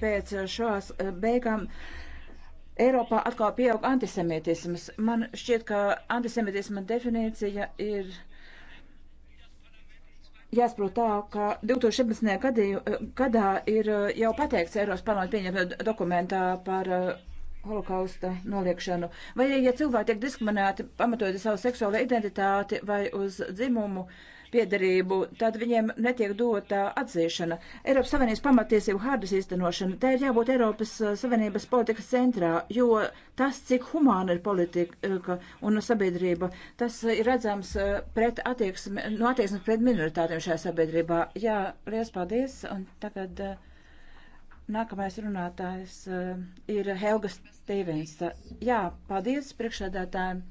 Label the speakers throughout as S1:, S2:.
S1: Pēc šās eh, beigām Eiropā atkal pieaug antisemītisms. Man šķiet, ka antisemītisma definīcija ir jāsaprot tā, ka 2017. Gadīju, eh, gadā ir eh, jau pateikts Eiropas parlamenta pieņemtajā dokumentā par holokausta noliekšanu. Vai, ja cilvēki tiek diskriminēti pamatojot savu seksuālo identitāti vai uz dzimumu, uh, piedarību, tad viņiem netiek dota atzīšana. Eiropas Savienības pamatiesību hārdas īstenošana, tā ir jābūt Eiropas uh, Savienības politikas centrā, jo tas, cik humāna ir politika un sabiedrība, tas ir redzams uh, pret attieksmi, no attieksmes pret minoritātiem šajā sabiedrībā. Jā, liels paldies, un tagad uh, nākamais runātājs ir Helga Stevens. Jā, paldies priekšādātājiem,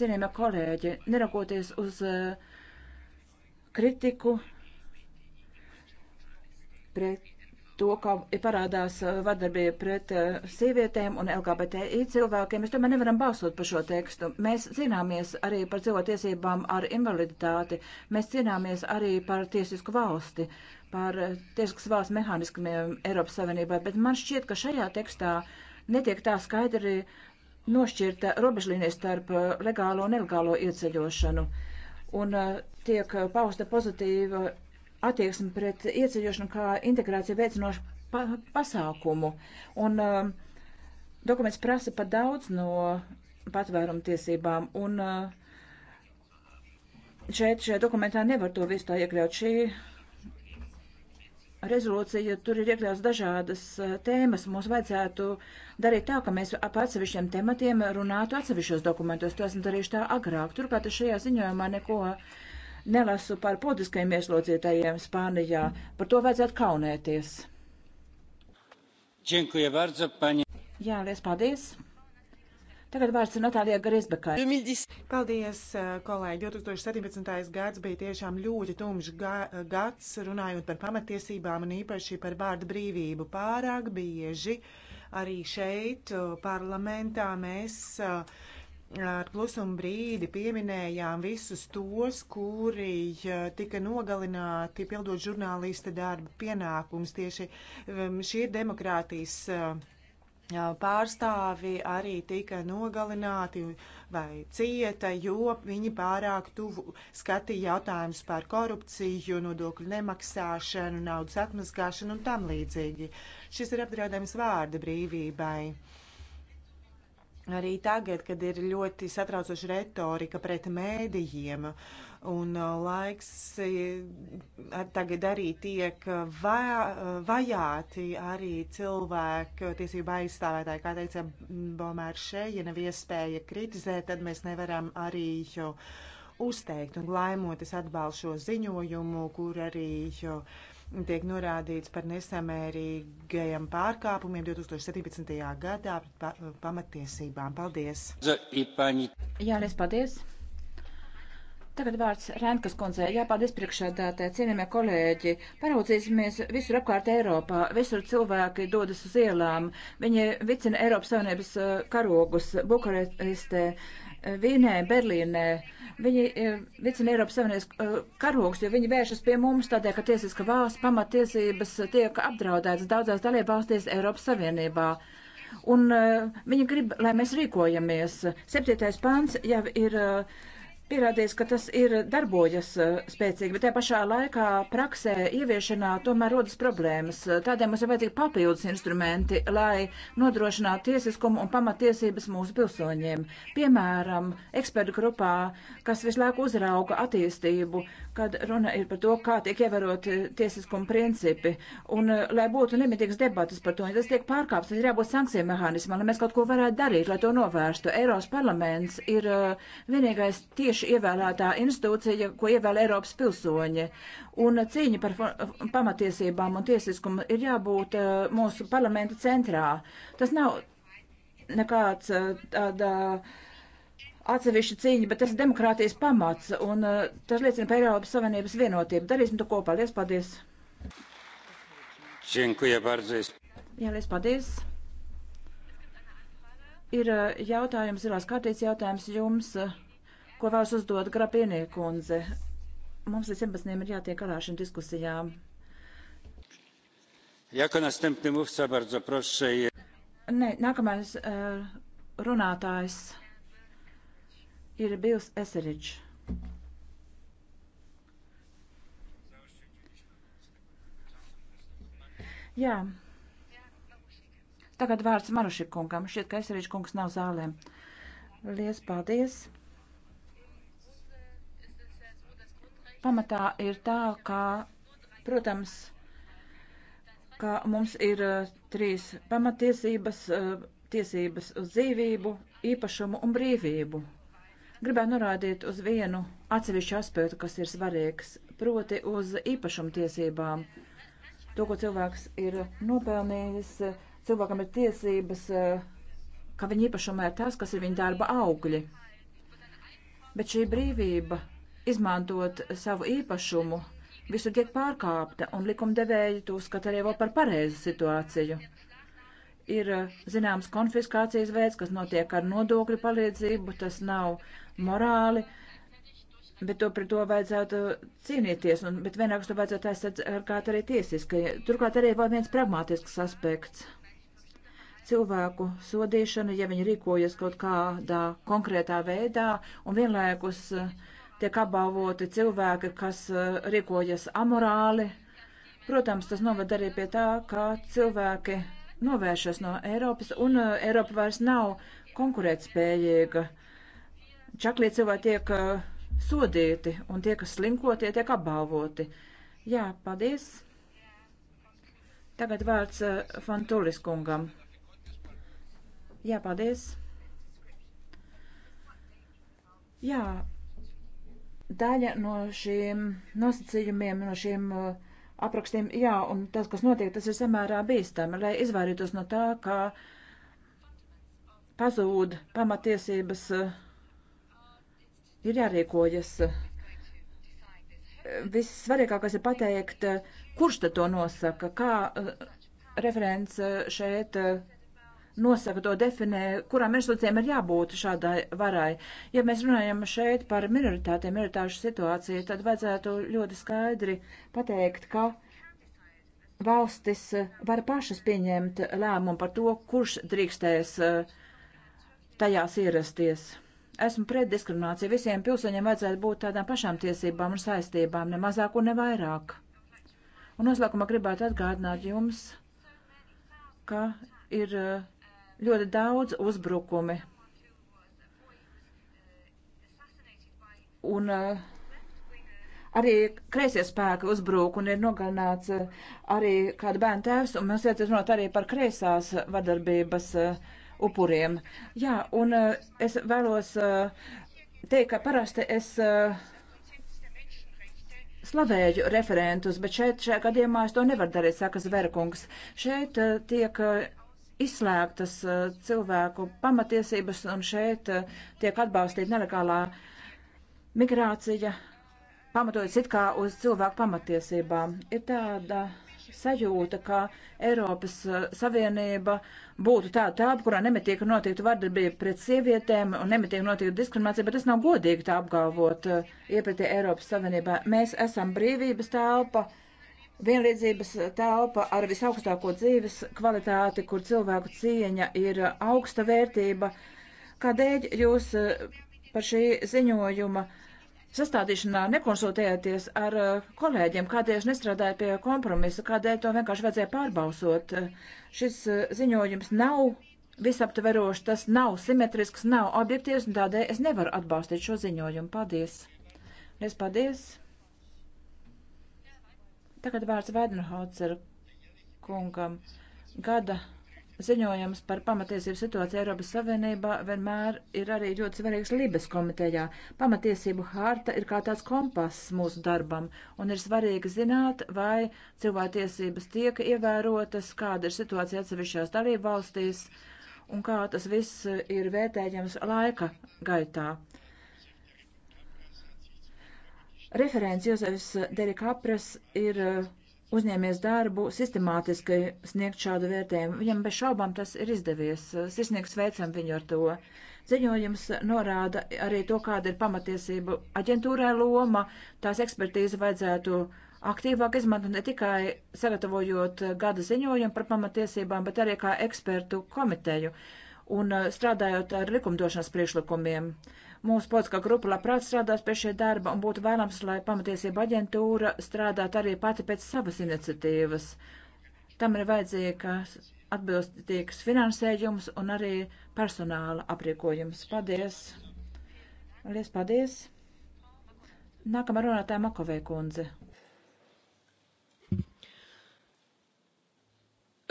S1: cienījamie kolēģi, nerakoties uz uh, kritiku pret to, kā parādās eh, vardarbība pret eh, sievietēm un LGBTI cilvēkiem. Mēs tomēr nevaram balsot par šo tekstu. Mēs cīnāmies arī par cilvēktiesībām ar invaliditāti. Mēs cīnāmies arī par tiesisku valsti, par eh, tiesiskas valsts mehānismiem Eiropas Savienībā. Bet man šķiet, ka šajā tekstā netiek tā skaidri nošķirta robežlīnija starp legālo un nelegālo ieceļošanu. Uh, un uh, tiek uh, pausta pozitīva attieksme pret ieceļošanu kā integrāciju veicinošu pa pasākumu. Un um, dokuments prasa pat daudz no patvērumu tiesībām, un uh, šeit šajā dokumentā nevar to visu tā iekļaut. Šī rezolūcija, tur ir iekļauts dažādas uh, tēmas, mums vajadzētu uh, darīt tā, ka mēs ap atsevišķiem tematiem runātu atsevišķos dokumentos. To esmu darījuši tā agrāk. Turklāt šajā ziņojumā neko nelasu par politiskajiem ieslodzītajiem Spānijā. Par to vajadzētu kaunēties.
S2: Bardzo, Jā, liels paldies! Tagad vārds ir Natālijai Grisbekai. Paldies, kolēģi! 2017. gads bija tiešām ļoti tumšs ga gads, runājot par pamatiesībām un īpaši par vārdu brīvību. Pārāk bieži uh, Arī šeit uh, parlamentā mēs uh, ar klusumu brīdi pieminējām visus tos, kuri uh, tika nogalināti pildot žurnālista darba pienākums. Tieši um, šie demokrātijas pārstāvi arī tika nogalināti vai cieta, jo viņi pārāk tuvu skatīja jautājumus par korupciju, nodokļu nemaksāšanu, naudas atmazgāšanu un tam līdzīgi. Šis ir apdraudējums vārda brīvībai. Arī tagad, kad ir ļoti satraucoša retorika pret mēdījiem, un uh, laiks eh, tagad arī tiek eh, eh, vajāti arī cilvēku tiesību aizstāvētāji, kā teica Bomērs šeit, ja nav iespēja kritizēt, tad mēs nevaram arī uzteikt un laimot. Es atbalstu šo ziņojumu, kur arī. Jo, tiek norādīts par nesamērīgajiem pārkāpumiem 2017. gadā pret pa pamatiesībām. Paldies! Jā, liels paldies! Tagad vārds Rēnkas kundzē. Jā, paldies
S1: priekšādātē, cienījamie kolēģi. Paraudzīsimies visur apkārt Eiropā. Visur cilvēki dodas uz ielām. Viņi vicina Eiropas Savienības eh, karogus Bukarestē. Vīnē, Berlīnē. Viņi e, vicina Eiropas Savienības e, karogs, jo viņi vēršas pie mums tādēļ, ka tiesiska valsts pamatiesības tiek apdraudētas daudzās dalībvalstīs Eiropas Savienībā. Un uh, viņi grib, lai mēs rīkojamies. Septītais pants jau ir. Uh, pierādījis, ka tas ir darbojas uh, spēcīgi, bet tajā pašā laikā praksē ieviešanā tomēr rodas problēmas. Uh, tādēļ mums ir vajadzīgi papildus instrumenti, lai nodrošinātu tiesiskumu un pamatiesības mūsu pilsoņiem. Piemēram, ekspertu grupā, kas visu laiku uzrauga attīstību, kad runa ir par to, kā tiek ievēroti uh, tiesiskuma principi, un lai būtu nemitīgas debatas par to, ja tas tiek pārkāpts, tad ir jābūt sankciju mehānismam, lai mēs kaut ko varētu darīt, lai to novērstu. Eiropas parlaments ir vienīgais tieši tieši ievēlētā institūcija, ko ievēl Eiropas pilsoņi. Un cīņa par pamatiesībām un tiesiskumu ir jābūt eh, mūsu parlamenta centrā. Tas nav nekāds eh, tāda atsevišķa cīņa, bet tas ir demokrātijas pamats, un eh, tas liecina par Eiropas Savienības vienotību. Darīsim to kopā. Lies paldies!
S2: Dziękuję bardzo.
S1: Jā, lies paldies. Ir jautājums, ir kārtības jautājums jums ko vēlas uzdot Grapienī kundze. Mums līdz 11. ir jātiek galā šīm diskusijām.
S2: Jako następny mówca, bardzo proszę.
S1: Nē, nākamais uh, runātājs ir Bils Eserič. Jā. Tagad vārds Marušikungam. Šķiet, ka Eserič kungs nav zālē. Lies paldies. pamatā ir tā, ka, protams, ka mums ir eh, trīs pamatiesības eh, - tiesības uz dzīvību, īpašumu un brīvību. Gribēju norādīt uz vienu atsevišķu aspektu, kas ir svarīgs, proti uz īpašumtiesībām. To, ko cilvēks ir nopelnījis, cilvēkam ir tiesības, eh, ka viņa īpašumā ir tas, kas ir viņa darba augļi. Bet šī brīvība izmantot savu īpašumu, visur tiek pārkāpta, un likumdevēji to skata arī vēl par pareizu situāciju. Ir eh, zināms konfiskācijas veids, kas notiek ar nodokļu palīdzību, tas nav morāli, bet to pret to vajadzētu cīnīties, un, bet vienlaikus to vajadzētu aizsargāt arī tiesiski. Turklāt arī vēl viens pragmātisks aspekts. Cilvēku sodīšana, ja viņi rīkojas kaut kādā konkrētā veidā, un vienlaikus uh, tiek apbalvoti cilvēki, kas eh, rīkojas amorāli. Protams, tas noved arī pie tā, ka cilvēki novēršas no Eiropas, un eh, Eiropa vairs nav konkurētspējīga. Čaklie cilvēki tiek eh, sodīti, un tie, kas slinkotie, tiek apbalvoti. Jā, paldies. Tagad vārds Fantulis kungam. Jā, paldies. Jā, daļa no šiem nosacījumiem, no šiem uh, aprakstiem, jā, un tas, kas notiek, tas ir samērā bīstami, lai izvairītos no tā, ka pazūd pamatiesības, uh, ir jārīkojas. Vissvarīgākais ir pateikt, uh, kurš tad to nosaka, kā referents šeit nosaka to definē, kurām institūcijām ir jābūt šādai varai. Ja mēs runājam šeit par minoritātiem, minoritāšu situāciju, tad vajadzētu ļoti skaidri pateikt, ka valstis var pašas pieņemt lēmumu par to, kurš drīkstēs eh, tajās ierasties. Esmu pret diskrimināciju. Visiem pilsoņiem vajadzētu būt tādām pašām tiesībām un saistībām, ne mazāk un ne vairāk. Un noslēgumā gribētu atgādināt jums, ka ir uh, ļoti daudz uzbrukumi. Un uh, arī kreisie spēki uzbrūk un ir nogalināts uh, arī kāda bērna tēvs, un mēs vajadzētu runāt arī par kreisās vardarbības uh, upuriem. Jā, un uh, es vēlos teikt, ka parasti es slavēju referentus, bet šeit šajā gadījumā es to nevaru darīt, saka Zverkungs. Šeit tiek izslēgtas eh, cilvēku pamatiesības, un šeit eh, tiek atbalstīta nelegālā migrācija, pamatojas it kā uz cilvēku pamatiesībām. Ir tāda sajūta, ka Eiropas eh, Savienība būtu tāda tāda, kurā nemitīgi notiktu vardarbība pret sievietēm un nemitīgi notiktu diskriminācija, bet tas nav godīgi tā apgalvot iepratī Eiropas Savienībā. Mēs esam brīvības telpa. Tā vienlīdzības telpa ar visaugstāko dzīves kvalitāti, kur cilvēku cieņa ir augsta vērtība. Kādēļ jūs eh, par šī ziņojuma sastādīšanā nekonsultējāties ar eh, kolēģiem, kādēļ nestrādājat pie kompromisa, kādēļ to vienkārši vajadzēja pārbalsot? Šis eh, ziņojums nav visaptverošs, tas nav simetrisks, nav objektīvs, un tādēļ es nevaru atbalstīt šo ziņojumu. Paldies! Es paldies! Tagad vārds Vaidenhauser kungam. Gada ziņojums par pamatiesību situāciju Eiropas Savienībā vienmēr ir arī ļoti svarīgs Libes komitejā. Pamatiesību harta ir kā tāds kompass mūsu darbam, un ir svarīgi zināt, vai cilvēktiesības tiek ievērotas, kāda ir situācija atsevišķās dalību valstīs, un kā tas viss ir vērtējams laika gaitā. Referents Jozefs Derikapras ir eh, uzņēmies darbu sistemātiski sniegt šādu vērtējumu. Viņam bez šaubām tas ir izdevies. Sirsnieks veicam viņu ar to. Ziņojums norāda arī to, kāda ir pamatiesību aģentūrē loma. Tās ekspertīze vajadzētu aktīvāk izmantot ne tikai sagatavojot gada ziņojumu par pamatiesībām, bet arī kā ekspertu komiteju un eh, strādājot ar likumdošanas priekšlikumiem. Uh, Mūsu politiskā grupa labprāt strādās pie šī darba un būtu vēlams, lai pamatiesība aģentūra strādātu arī pati pēc savas iniciatīvas. Tam ir vajadzīgs atbilstīgs finansējums un arī personāla aprīkojums. Paldies! Lies paldies! Nākamā runātāja Makovē kundze.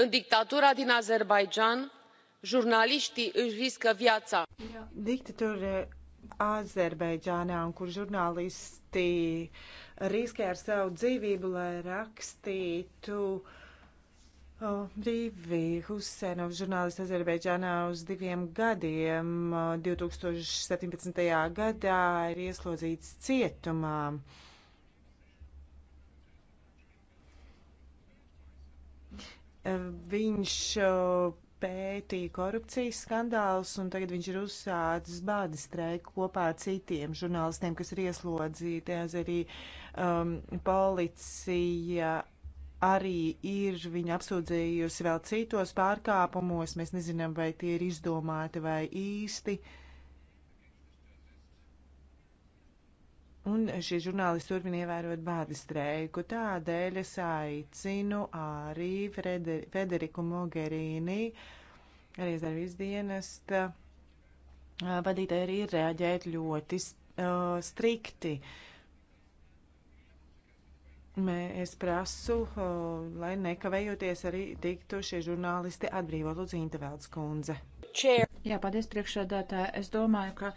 S1: în dictatura din azerbaidjan jurnaliștii își riscă viața.
S2: dictaturile Azerbaidžānā un kur žurnālisti riskē ar savu dzīvību, lai rakstītu uh, Rīvi Husenov, žurnālists Azerbaidžānā uz diviem gadiem. 2017. Uh, gadā ir ieslodzīts cietumā. Uh, viņš pētīja korupcijas skandālus, un tagad viņš ir uzsācis bāda streiku kopā ar citiem žurnālistiem, kas ir ieslodzīti, arī um, policija arī ir viņa apsūdzējusi vēl citos pārkāpumos. Mēs nezinām, vai tie ir izdomāti vai īsti. Uh, Un šie žurnālisti turpina ievērot bādi streiku. Tādēļ es aicinu arī Freder Federiku Mogherini, arī Zarbīs dienesta vadītāji, arī reaģēt ļoti uh, strikti. Mē, es prasu, uh, lai nekavējoties arī tiktu šie žurnālisti atbrīvot Lūdzu Intervelds kundze.
S1: Jā, paldies priekšsēdētāji. Es domāju, ka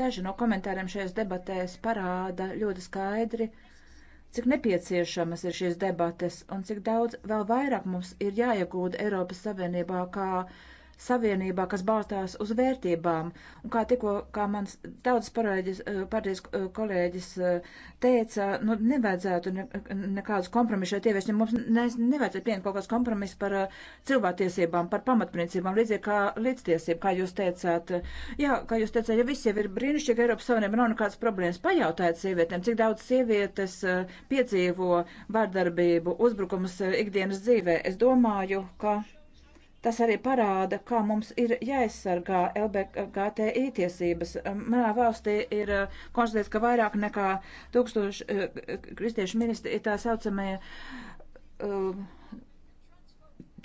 S1: daži no komentāriem šajās debatēs parāda ļoti skaidri, cik nepieciešamas ir šīs debates un cik daudz vēl vairāk mums ir jāiegūda Eiropas Savienībā kā uh, savienībā, kas balstās uz vērtībām. Un kā tikko, kā mans tautas eh, partijas eh, kolēģis eh, teica, nu, nevajadzētu ne, nekādus kompromisus šeit ieviest, ja mums ne, nevajadzētu pieņemt kaut kāds kompromiss par cilvēktiesībām, par pamatprincībām, līdzīgi kā līdztiesība, kā jūs teicāt. Jā, kā jūs teicāt, ja viss jau ir brīnišķīgi, Eiropas Savienība nav nekādas problēmas. Pajautājiet sievietēm, cik daudz sievietes piedzīvo vārdarbību, uzbrukumus ikdienas dzīvē. Es domāju, ka Tas arī parāda, kā mums ir jāaizsargā LBGTI tiesības. Um, manā valstī ir uh, konstatēts, ka vairāk nekā tūkstoši uh, kristiešu ministri ir tā saucamie um,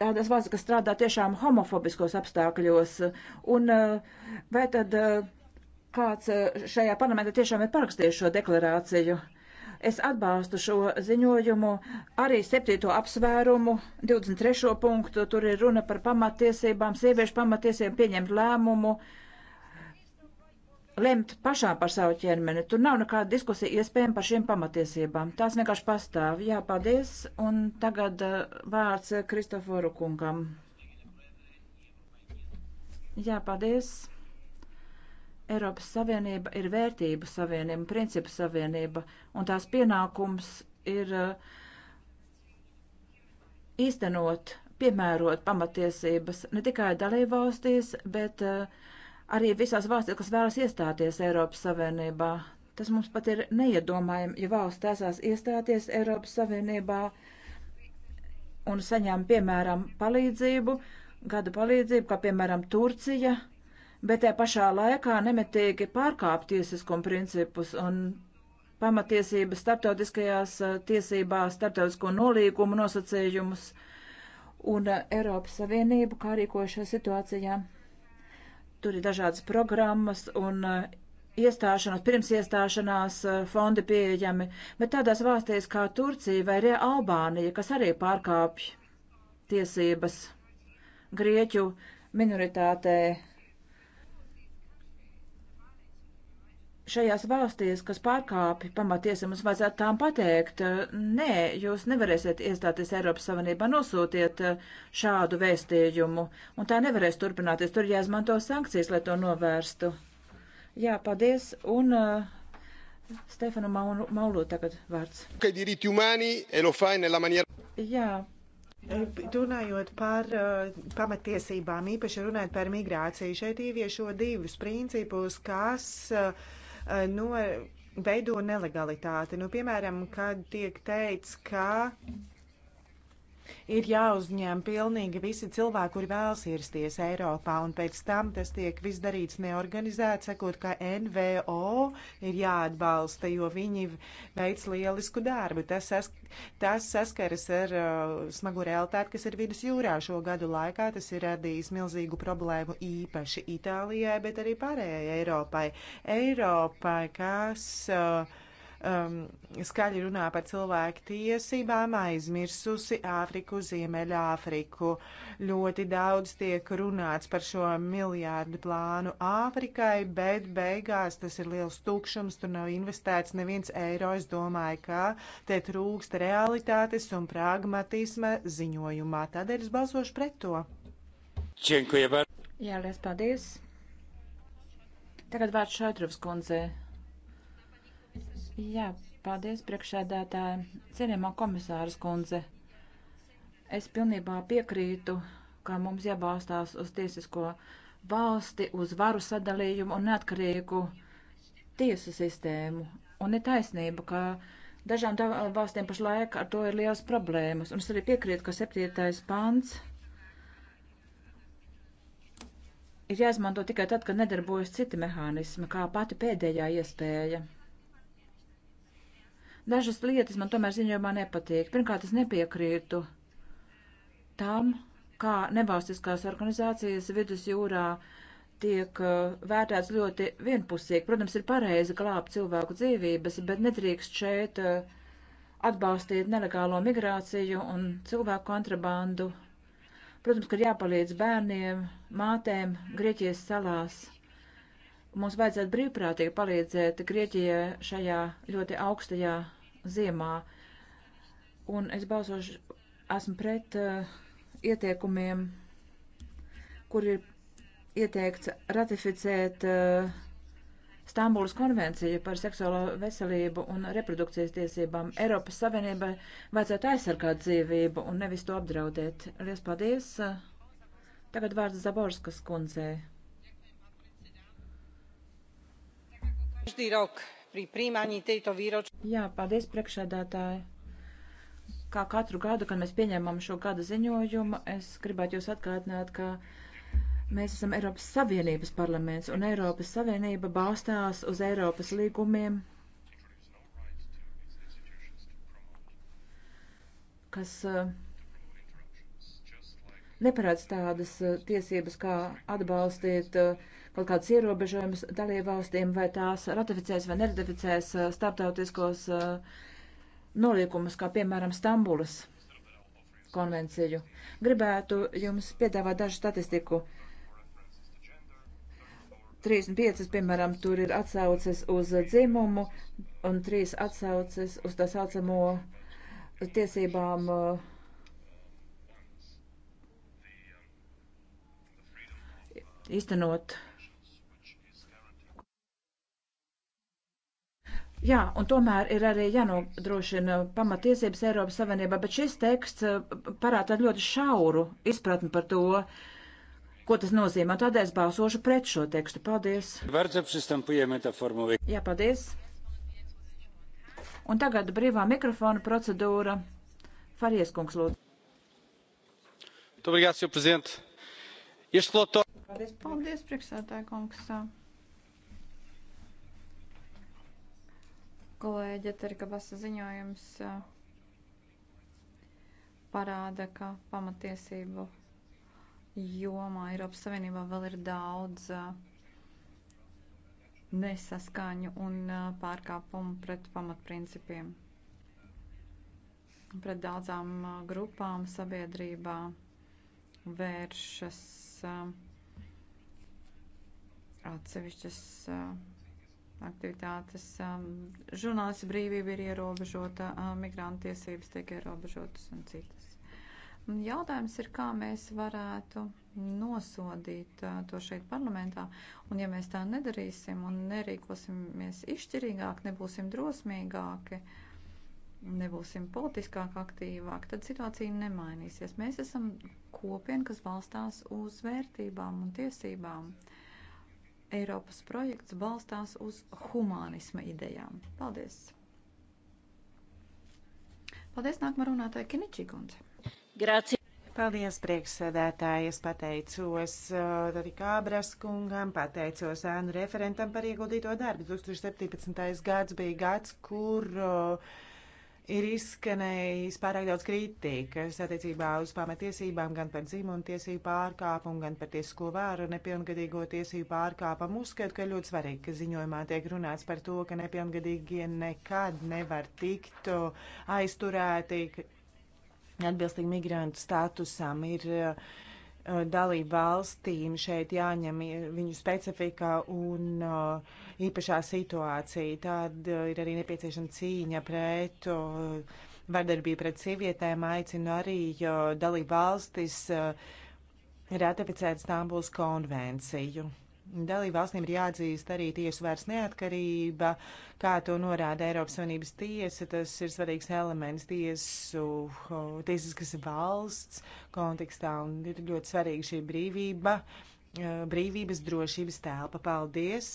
S1: tādas valsts, kas strādā tiešām homofobiskos apstākļos. Un uh, vai tad kāds šajā parlamentā tiešām ir parakstījis šo deklarāciju? Es atbalstu šo ziņojumu, arī 7. apsvērumu, 23. punktu, tur ir runa par pamatiesībām, sieviešu pamatiesībām pieņemt lēmumu, lemt pašā par savu ķermeni. Tur nav nekāda diskusija iespējama par šiem pamatiesībām. Tās vienkārši pastāv. Jā, paldies. Un tagad uh, vārds Kristoforu kungam. Jā, paldies. Eiropas Savienība ir vērtību savienība, principu savienība, un tās pienākums ir uh, īstenot, piemērot pamatiesības ne tikai dalībvalstīs, bet uh, arī visās valstīs, kas vēlas iestāties Eiropas Savienībā. Tas mums pat ir neiedomājami, ja valsts taisās iestāties Eiropas Savienībā un saņem, piemēram, palīdzību, gada palīdzību, kā piemēram Turcija – bet tajā pašā laikā nemetīgi pārkāp tiesiskuma principus un pamatiesības starptautiskajās eh, tiesībās, starptautisko nolīgumu nosacējumus un eh, Eiropas Savienību, kā rīkojas šajā situācijā. Tur ir dažādas programmas un eh, iestāšanās, pirms iestāšanās fondi pieejami, bet tādās valstīs kā Turcija vai arī Albānija, kas arī pārkāpj tiesības Grieķu minoritātei šajās valstīs, kas pārkāpj pamatiesi, mums vajadzētu tām pateikt, nē, jūs nevarēsiet iestāties Eiropas Savienībā, nosūtiet eh, šādu vēstījumu, un tā nevarēs turpināties, tur jāizmanto sankcijas, lai to novērstu. Jā, paldies, un uh, eh, Stefanu Maulu, Maulu tagad vārds. E e
S2: Jā. Runājot par uh, pamatiesībām, īpaši runājot par migrāciju, šeit ieviešo divus principus, kas uh, Eh, no, veido nelegalitāti. Nu, piemēram, kad tiek teikts, ka Ir jāuzņem pilnīgi visi cilvēki, kuri vēlas ierasties Eiropā, un pēc tam tas tiek viss darīts neorganizēts, sakot, ka NVO ir jāatbalsta, jo viņi veic lielisku darbu. Tas, sas, tas saskaras ar uh, smagu realitāti, kas ir vidus jūrā šo gadu laikā. Tas ir radījis milzīgu problēmu īpaši Itālijai, bet arī pārējai Eiropai. Eiropai, kas. Uh, um, skaļi runā par cilvēku tiesībām, aizmirsusi Āfriku, Ziemeļa Āfriku. Ļoti daudz tiek runāts par šo miljārdu plānu Āfrikai, bet beigās tas ir liels tukšums, tur nav investēts neviens eiro. Es domāju, ka te trūkst realitātes un pragmatisma ziņojumā. Tādēļ es balsošu pret to.
S3: Dziękuję bardzo.
S2: Jā, liels paldies. Tagad vārds Šaitrovs
S1: kundzei. Jā, paldies priekšsēdētāji. Cienījamā komisāras kundze, es pilnībā piekrītu, ka mums jābalstās uz tiesisko valsti, uz varu sadalījumu un neatkarīgu tiesu sistēmu. Un ir taisnība, ka dažām valstīm pašlaik ar to ir liels problēmas. Un es arī piekrītu, ka septītais pants ir jāizmanto tikai tad, kad nedarbojas citi mehānismi, kā pati pēdējā iespēja. Dažas lietas man tomēr ziņojumā nepatīk. Pirmkārt, es nepiekrītu tam, kā nevalstiskās organizācijas vidus jūrā tiek eh, vērtēts ļoti vienpusīgi. Protams, ir pareizi glābt cilvēku dzīvības, bet nedrīkst šeit eh, atbalstīt nelegālo migrāciju un cilvēku kontrabandu. Protams, ka ir jāpalīdz bērniem, mātēm Grieķijas salās. Mums vajadzētu brīvprātīgi palīdzēt Grieķijai šajā ļoti augstajā ziemā. Un es balsošu, esmu pret uh, ieteikumiem, kur ir ieteikts ratificēt uh, Stambulas konvenciju par seksuālo veselību un reprodukcijas tiesībām. Eiropas Savienībai vajadzētu aizsargāt dzīvību un nevis to apdraudēt. Lies paldies! Tagad vārds Zaborskas kundzei.
S2: Každý rok pri prijímaní tejto výročnej.
S1: Jā, paldies priekšsēdētāji. Kā katru gadu, kad mēs pieņēmām šo gada ziņojumu, es gribētu jūs atgādināt, ka mēs esam Eiropas Savienības parlaments, un Eiropas Savienība balstās uz Eiropas līgumiem, kas eh, neparāds tādas eh, tiesības, kā atbalstīt uh, kaut kādas ierobežojumus dalībvalstīm, vai tās ratificēs vai neratificēs uh, starptautiskos uh, noliekumus, kā piemēram Stambulas konvenciju. Gribētu jums piedāvāt dažu statistiku. 35, piemēram, tur ir atsauces uz dzimumu un 3 atsauces uz tā saucamo tiesībām. Uh, īstenot Jā, un tomēr ir arī jānodrošina pamatiesības Eiropas Savienībā, bet šis teksts eh, parāda ļoti šauru izpratni par to, ko tas nozīmē. Tādēļ es balsošu pret šo tekstu. Paldies!
S2: Jā,
S1: paldies! Un tagad brīvā mikrofona procedūra. Faries kungs, lūdzu.
S3: Paldies,
S1: paldies priekšsētāj kungs.
S3: Kolēģa Terkabasa ziņojums eh, parāda, ka pamatiesību jomā Eiropas Savienībā vēl ir daudz eh, nesaskaņu un eh, pārkāpumu pret pamatprincipiem. Pret daudzām grupām sabiedrībā vēršas atsevišķas aktivitātes. Um, žurnālisti brīvība ir ierobežota, um, migrantu tiesības tiek ierobežotas un citas. Un jautājums ir, kā mēs varētu nosodīt uh, to šeit parlamentā, un ja mēs tā nedarīsim un nerīkosimies izšķirīgāk, nebūsim drosmīgāki, nebūsim politiskāk aktīvāk, tad situācija nemainīsies. Mēs esam kopiena, kas balstās uz vērtībām un tiesībām. Uh, Eiropas projekts balstās uz humānisma idejām. Paldies! Paldies, nākamā runātāja Kiničī kundze.
S2: Grācija. Paldies, priekšsēdētāji. Es pateicos arī uh, Kābras kungam, pateicos ēnu referentam par ieguldīto darbu. 2017. gads bija gads, kur uh, ir izskanējis pārāk daudz kritikas attiecībā uz pamatiesībām, gan par dzimumu tiesību pārkāpumu, gan par tiesisko vēru nepilngadīgo tiesību pārkāpumu. Uzskatu, ka ļoti svarīgi, ka ziņojumā tiek runāts par to, ka nepilngadīgie nekad nevar tikt aizturēti atbilstīgi migrantu statusam. Ir, uh, Uh, dalību valstīm šeit jāņem viņu specifika un uh, īpašā situācija. Tad uh, ir arī nepieciešama cīņa pret vardarbību pret sievietēm. Aicinu arī dalību valstis ratificēt Stambuls konvenciju. Dalību valstīm ir jāatzīst arī tiesu vairs neatkarība, kā to norāda Eiropas Savienības tiesa. Tas ir svarīgs elements tiesu, tiesiskas valsts kontekstā un ir ļoti svarīga šī brīvība, eh, brīvības drošības telpa. Paldies!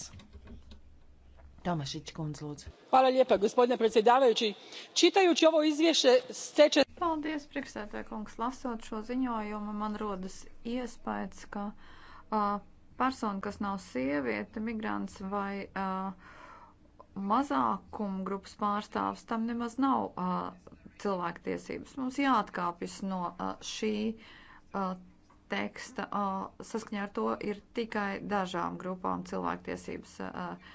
S2: Tomašić kundz, lūdzu.
S1: Hvala lijepa, gospodine predsjedavajući. Čitajući ovo izvješće
S3: steče... Paldies, priekšsētāj kungs. Lasot šo ziņojumu, man rodas iespējas, ka uh, persona, kas nav sieviete, migrants vai uh, mazākuma grupas pārstāvs, tam nemaz nav uh, cilvēktiesības. Mums jāatkāpjas no uh, šī uh, teksta. Uh, saskaņā ar to ir tikai dažām grupām cilvēktiesības uh,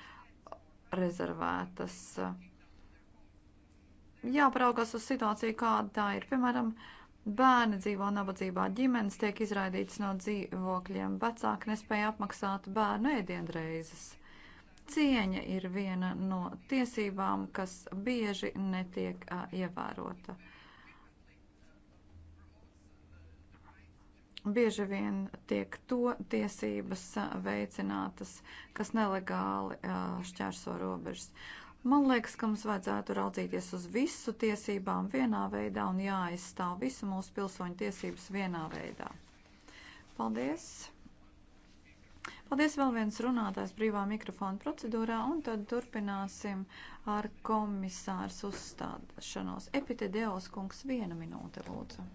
S3: rezervētas. Uh, jāparaugās uz situāciju, kāda tā ir. Piemēram, uh, Bērni dzīvo nabadzībā, ģimenes tiek izraidītas no dzīvokļiem, vecāki nespēja apmaksāt bērnu ēdienreizes. Cieņa ir viena no tiesībām, kas bieži netiek a, ievērota. Bieži vien tiek to tiesības a, veicinātas, kas nelegāli a, šķērso robežas. Man liekas, ka mums vajadzētu raudzīties uz visu tiesībām vienā veidā un jāaizstāv visu mūsu pilsoņu tiesības vienā veidā. Paldies! Paldies vēl viens runātājs brīvā mikrofona procedūrā, un tad turpināsim ar komisārs uzstādšanos. Epitedeos kungs, viena minūte, lūdzu.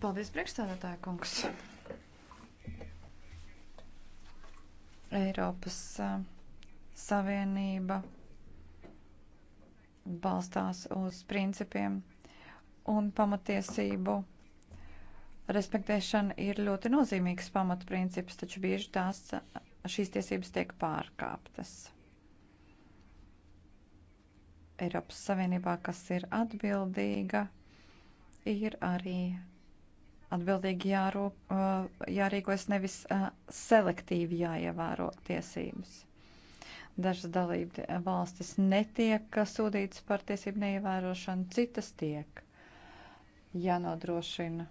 S3: Paldies, priekšstādātāja kungs! Eiropas Savienība balstās uz principiem un pamatiesību. Respektēšana ir ļoti nozīmīgs pamatprincips, taču bieži tās, šīs tiesības tiek pārkāptas. Eiropas Savienībā, kas ir atbildīga, ir arī Atbildīgi jārūp, uh, jārīkojas nevis uh, selektīvi jāievēro tiesības. Dažas dalība uh, valstis netiek sūdītas par tiesību neievērošanu, citas tiek jānodrošina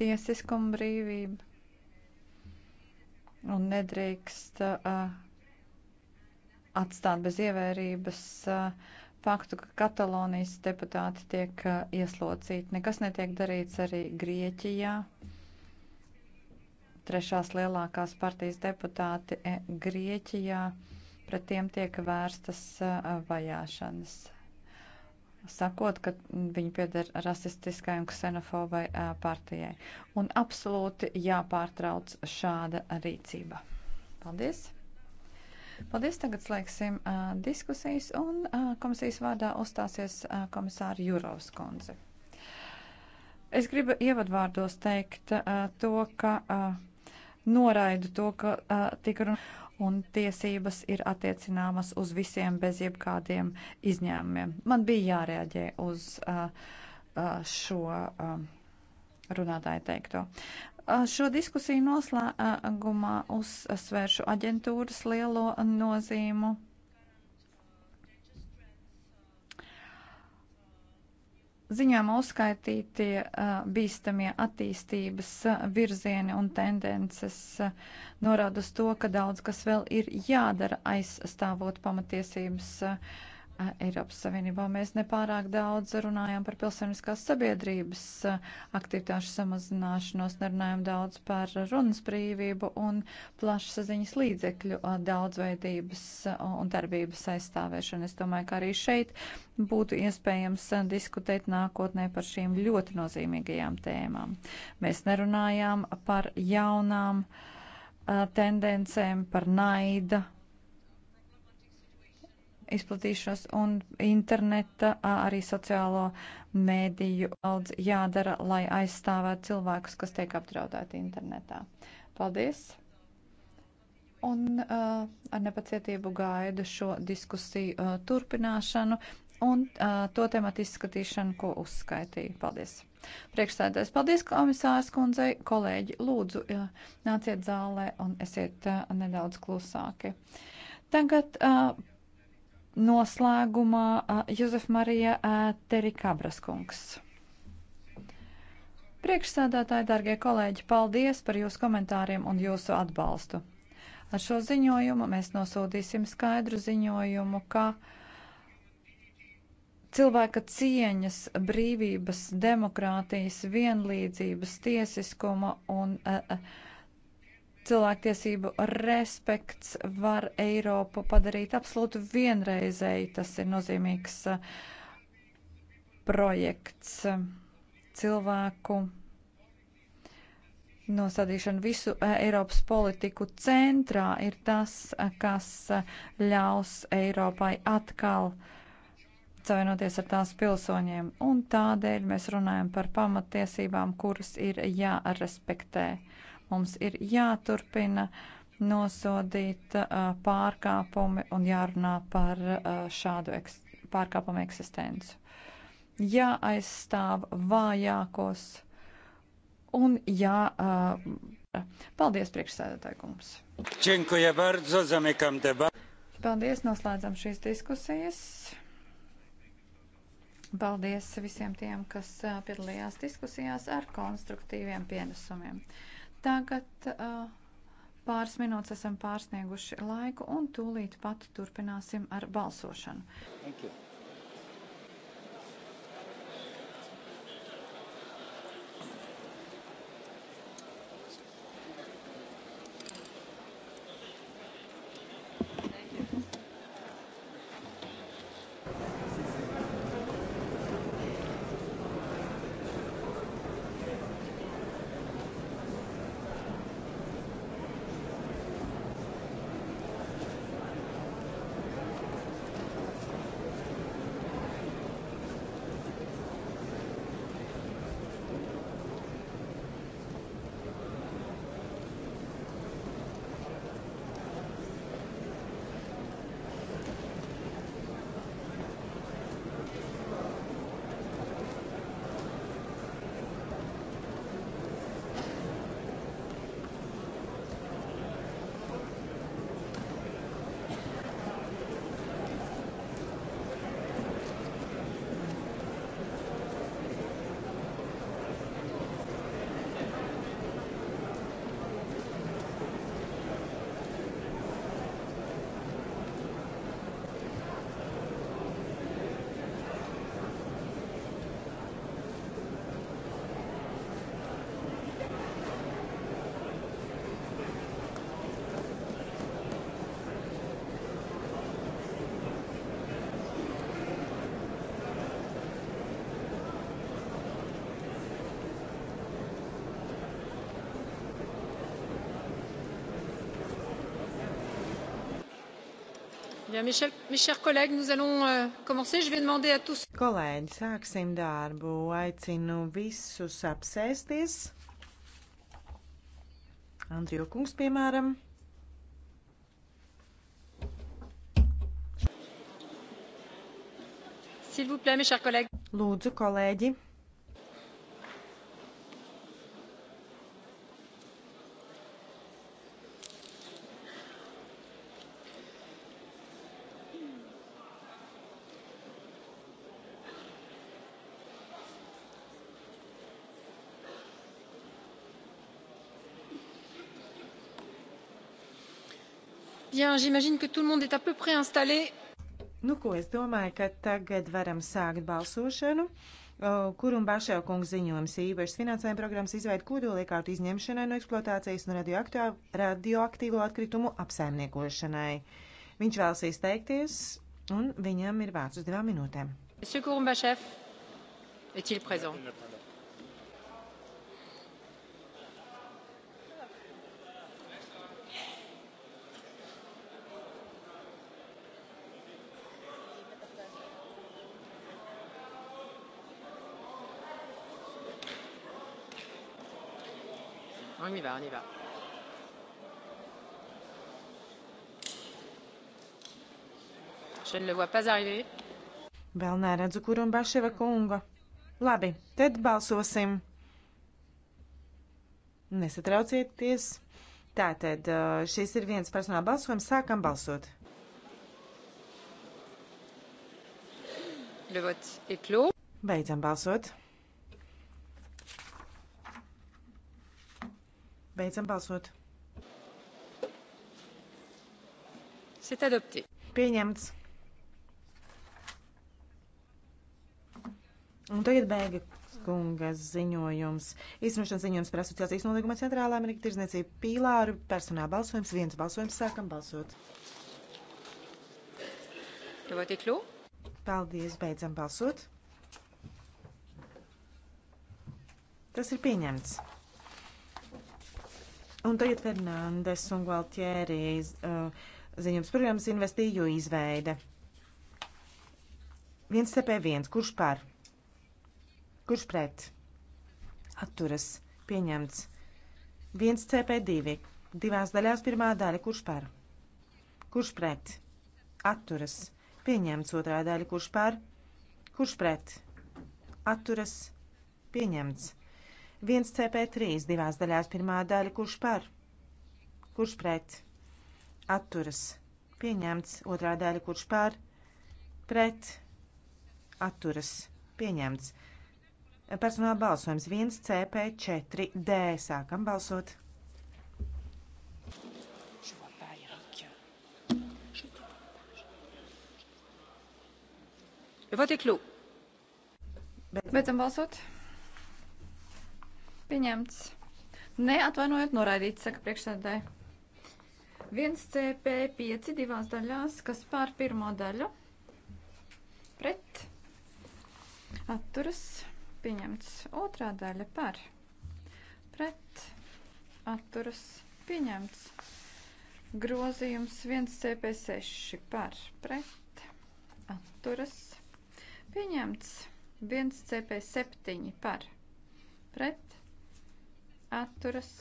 S3: tiesiskuma brīvība un nedrīkst uh, atstāt bez ievērības uh, faktu, ka Katalonijas deputāti tiek uh, ieslocīti. Nekas netiek darīts arī Grieķijā. Trešās lielākās partijas deputāti eh, Grieķijā pret tiem tiek vērstas uh, vajāšanas. Sakot, ka viņi pieder rasistiskai un ksenofobai uh, partijai. Un absolūti jāpārtrauc šāda rīcība. Paldies! Paldies, tagad slēgsim uh, diskusijas un uh, komisijas vārdā uzstāsies uh, komisāra Jurovs kundze. Es gribu ievadvārdos teikt uh, to, ka uh, noraidu to, ka uh, tika runāts un tiesības ir attiecināmas uz visiem bez jebkādiem izņēmumiem. Man bija jārēģē uz uh, uh, šo. Uh, runātāja teikto. Šo diskusiju noslēgumā uzsvēršu aģentūras lielo nozīmu. Ziņojumā uzskaitītie uh, bīstamie attīstības uh, virzieni un tendences uh, norāda uz to, ka daudz kas vēl ir jādara aizstāvot pamatiesības. Uh, Eiropas Savienībā mēs nepārāk daudz runājām par pilsoniskās sabiedrības eh, aktivitāšu samazināšanos, nerunājām daudz par runas brīvību un plašsaziņas līdzekļu eh, daudzveidības eh, un darbības aizstāvēšanu. Es domāju, ka arī šeit būtu iespējams diskutēt nākotnē par šīm ļoti nozīmīgajām tēmām. Mēs nerunājām par jaunām tendencēm, par naida izplatīšanos un interneta, arī sociālo mēdīju daudz jādara, lai aizstāvētu cilvēkus, kas tiek apdraudēti internetā. Paldies! Un uh, ar nepacietību gaidu šo diskusiju uh, turpināšanu un uh, to tematu izskatīšanu, ko uzskaitīju. Paldies! Priekšsēdētājs, paldies komisārs kundzei, kolēģi, lūdzu, jā, nāciet zālē un esiet uh, nedaudz klusāki. Tagad uh, noslēgumā Jozef Marija Terikabras kungs. Priekšsēdētāji, dargie kolēģi, paldies par jūsu komentāriem un jūsu atbalstu. Ar šo ziņojumu mēs nosūtīsim skaidru ziņojumu, ka cilvēka cieņas, brīvības, demokrātijas, vienlīdzības, tiesiskuma un uh, uh, cilvēktiesību respekts var Eiropu padarīt absolūti vienreizēji. Tas ir nozīmīgs uh, projekts um, cilvēku nosādīšana visu uh, Eiropas politiku centrā ir tas, uh, kas ļaus Eiropai atkal savienoties ar tās pilsoņiem. Un tādēļ mēs runājam par pamatiesībām, kuras ir jārespektē. Ja Mums ir jāturpina nosodīt pārkāpumi un jārunā par šādu eks pārkāpumu eksistenci. Jāaizstāv vājākos un jā. Paldies, priekšsēdētāji kungs. Paldies, noslēdzam šīs diskusijas. Paldies visiem tiem, kas piedalījās diskusijās ar konstruktīviem pienesumiem. Tagad uh, pāris minūtes esam pārsnieguši laiku un tūlīt pat turpināsim ar balsošanu.
S2: Thank you. Eh euh, kolēģi, sāksim darbu. Aicinu visus apsēsties. Andriju kungs, piemēram. Plaît, Lūdzu, kolēģi! Bien, j'imagine que tout le monde est à peu près installé. Nu, ko es domāju, ka tagad varam sākt balsošanu. Kur un Bašā kungs ziņojums īpašs finansējuma programmas izveida kodoliekārtu izņemšanai no eksploatācijas un radioaktīvo atkritumu apsaimniekošanai. Viņš vēlas izteikties, un viņam ir vārds uz divām minūtēm.
S3: Monsieur Kurumbašev, est-il présent? On y va, on y va.
S2: Je ne le vois pas arriver. Vēl neredzu Kurumbaševa kunga. Labi, tad balsosim. Nesatraucieties. Tātad šis ir viens personāla balsojums. Sākam balsot. Beidzam balsot. Beidzam balsot. C'est adopté. Pieņemts. Un tagad bēga kungas ziņojums. Izmešanas ziņojums par asociācijas nolīguma centrālā Amerika tirzniecība pīlāru personā balsojums. Viens balsojums sākam balsot. Paldies, beidzam balsot. Tas ir pieņemts. Un tagad Fernandes un Gualtieri eh, ziņojums programmas investīju izveide. 1CP1. Kurš par? Kurš pret? Atturas. Pieņemts. 1CP2. Divās daļās pirmā daļa. Kurš par? Kurš pret? Atturas. Pieņemts otrā daļa. Kurš par? Kurš pret? Atturas. Pieņemts. 1CP3 divās daļās pirmā daļa, kurš par, kurš pret, atturas, pieņemts, otrā daļa, kurš par, pret, atturas, pieņemts. Personāla balsojums 1CP4D. Sākam balsot.
S3: Le vote est clos. Beidzam balsot. Pieņemts. Neatvainojiet, noraidīt, saka priekšsēdētāji. 1CP5 divās daļās, kas pār pirmo daļu. Pret. Atturas. Pieņemts. Otrā daļa par. Pret. Atturas. Pieņemts. Grozījums 1CP6 par. Pret. Atturas. Pieņemts. 1CP7 par. Pret atturas.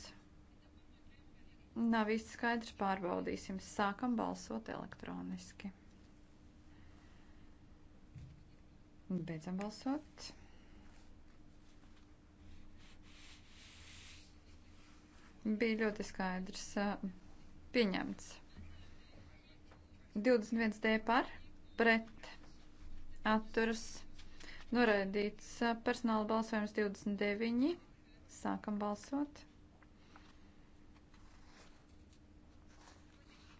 S3: Nav viss skaidrs, pārbaudīsim. Sākam balsot elektroniski. Beidzam balsot. Bija ļoti skaidrs. Pieņemts. 21 D par, pret, atturas, noraidīts personāla balsojums 29. Sākam balsot.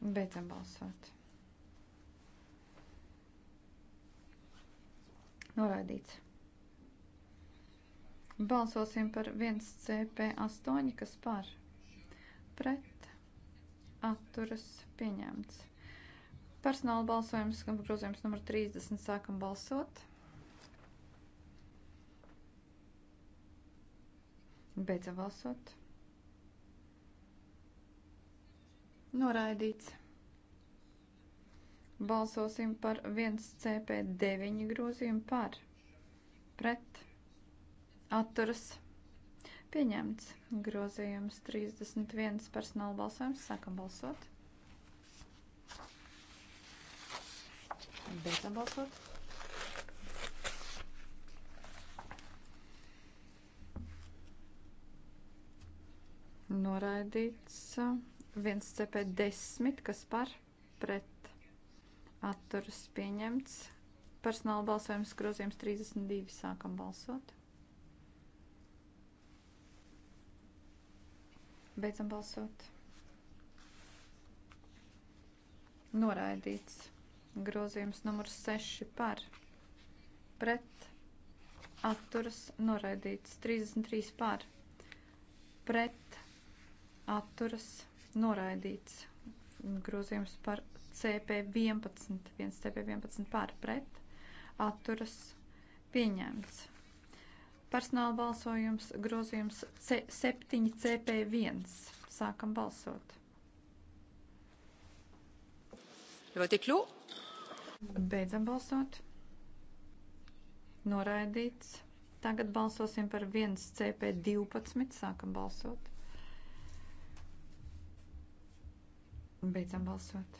S3: Beidzam balsot. Noraidīts. Balsosim par 1CP8, kas par pret atturas pieņemts. Personāla balsojums, grozījums numur 30, sākam balsot. Beidzam balsot. Noraidīts. Balsosim par 1CP9 grozījumu par, pret, atturas, pieņemts. Grozījums 31 personāla balsojums. Sākam balsot. Beidzam balsot. noraidīts 1 CP10, kas par pret atturas pieņemts. Personāla balsojums grozījums 32. Sākam balsot. Beidzam balsot. Noraidīts. Grozījums numurs 6 par pret atturas noraidīts. 33 par pret atturas noraidīts. Grozījums par CP11, 1 CP11 par pret, atturas pieņemts. Personāla balsojums grozījums C7 CP1. Sākam balsot. Ļoti kļū. Beidzam balsot. Noraidīts. Tagad balsosim par 1 CP12. Sākam balsot. Beidzam balsot.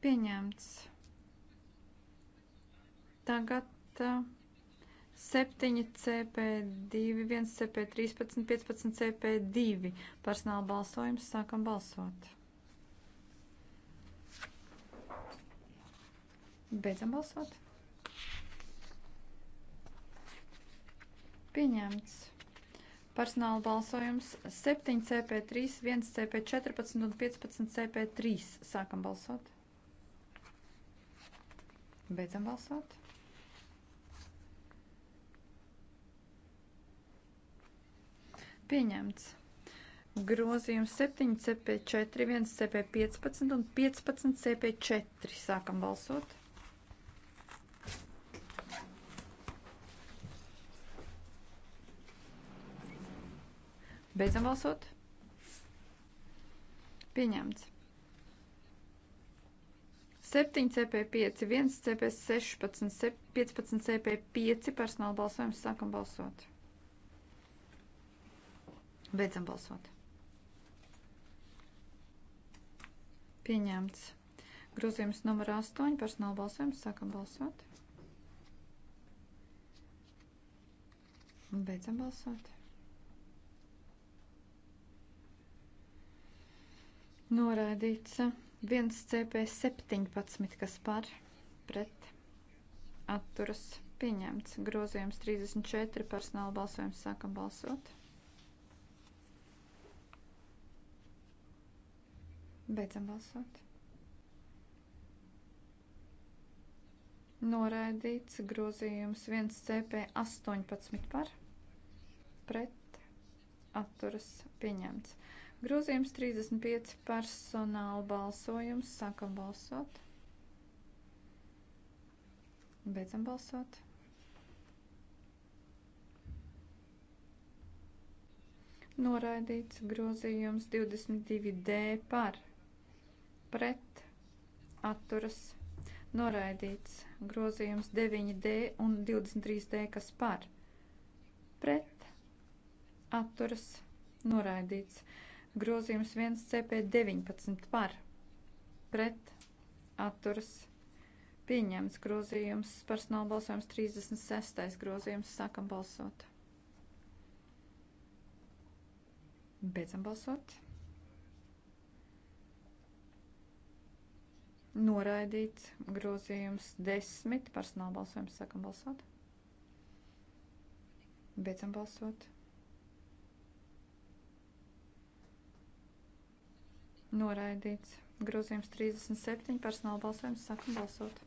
S3: Pieņemts. Tagad uh, 7 CP2, 1 CP13, 15 CP2. Personāla balsojums sākam balsot. Beidzam balsot. Pieņemts. Personāla balsojums 7 CP3, 1 CP14 un 15 CP3. Sākam balsot. Beidzam balsot. Pieņemts. Grozījums 7 CP4, 1 CP15 un 15 CP4. Sākam balsot. Beidzam balsot. Pieņemts. 7 CP5, 1 CP16, 15 CP5 personāla balsojums. Sākam balsot. Beidzam balsot. Pieņemts. Grozījums numur 8 personāla balsojums. Sākam balsot. Beidzam balsot. Noraidīts 1 CP17, kas par pret atturas pieņemts. Grozījums 34 personāla balsojums sākam balsot. Beidzam balsot. Noraidīts grozījums 1 CP18 par pret atturas pieņemts. Grozījums 35 personāla balsojums. Sākam balsot. Beidzam balsot. Noraidīts grozījums 22D par pret atturas. Noraidīts grozījums 9D un 23D, kas par pret atturas. Noraidīts. Grozījums 1 CP19 par pret atturas pieņemts grozījums. Personāla balsojums 36. grozījums. Sākam balsot. Beidzam balsot. Noraidīts grozījums 10. Personāla balsojums. Sākam balsot. Beidzam balsot. Noraidīts. Grozījums 37. Personāla balsojums. Sākam balsot.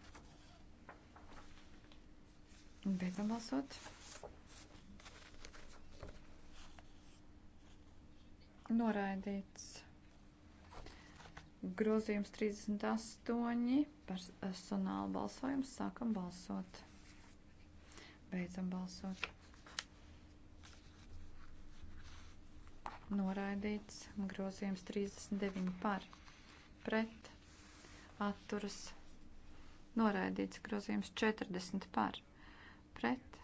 S3: Beidzam balsot. Noraidīts. Grozījums 38. Personāla balsojums. Sākam balsot. Beidzam balsot. noraidīts, grozījums 39 par, pret, atturas, noraidīts, grozījums 40 par, pret,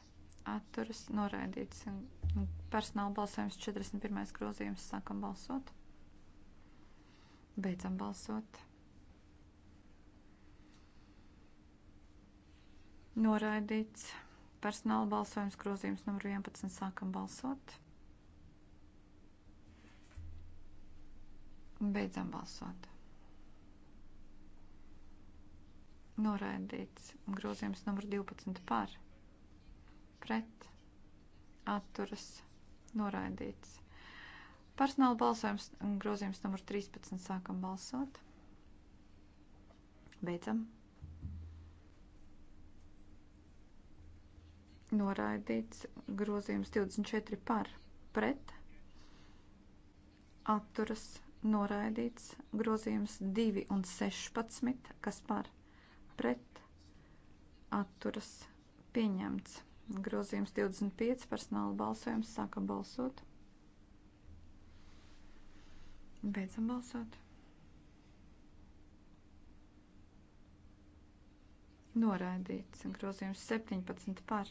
S3: atturas, noraidīts, personāla balsojums 41. grozījums, sākam balsot, beidzam balsot. Noraidīts personāla balsojums grozījums numur 11. Sākam balsot. Beidzam balsot. Noraidīts grozījums numur 12 par. Pret. Atturas. Noraidīts. Personāla balsojums grozījums numur 13. Sākam balsot. Beidzam. Noraidīts grozījums 24 par. Pret. Atturas noraidīts grozījums 2 un 16, kas par pret atturas pieņemts. Grozījums 25 personāla balsojums sākam balsot. Beidzam balsot. Noraidīts grozījums 17 par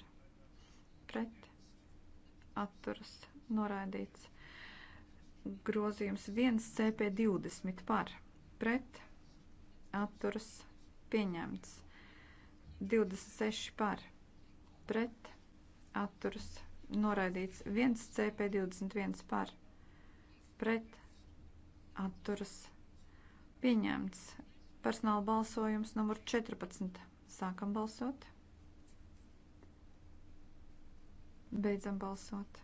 S3: pret atturas noraidīts grozījums 1 CP20 par pret atturas pieņemts 26 par pret atturas noraidīts 1 CP21 par pret atturas pieņemts personāla balsojums numur 14 sākam balsot beidzam balsot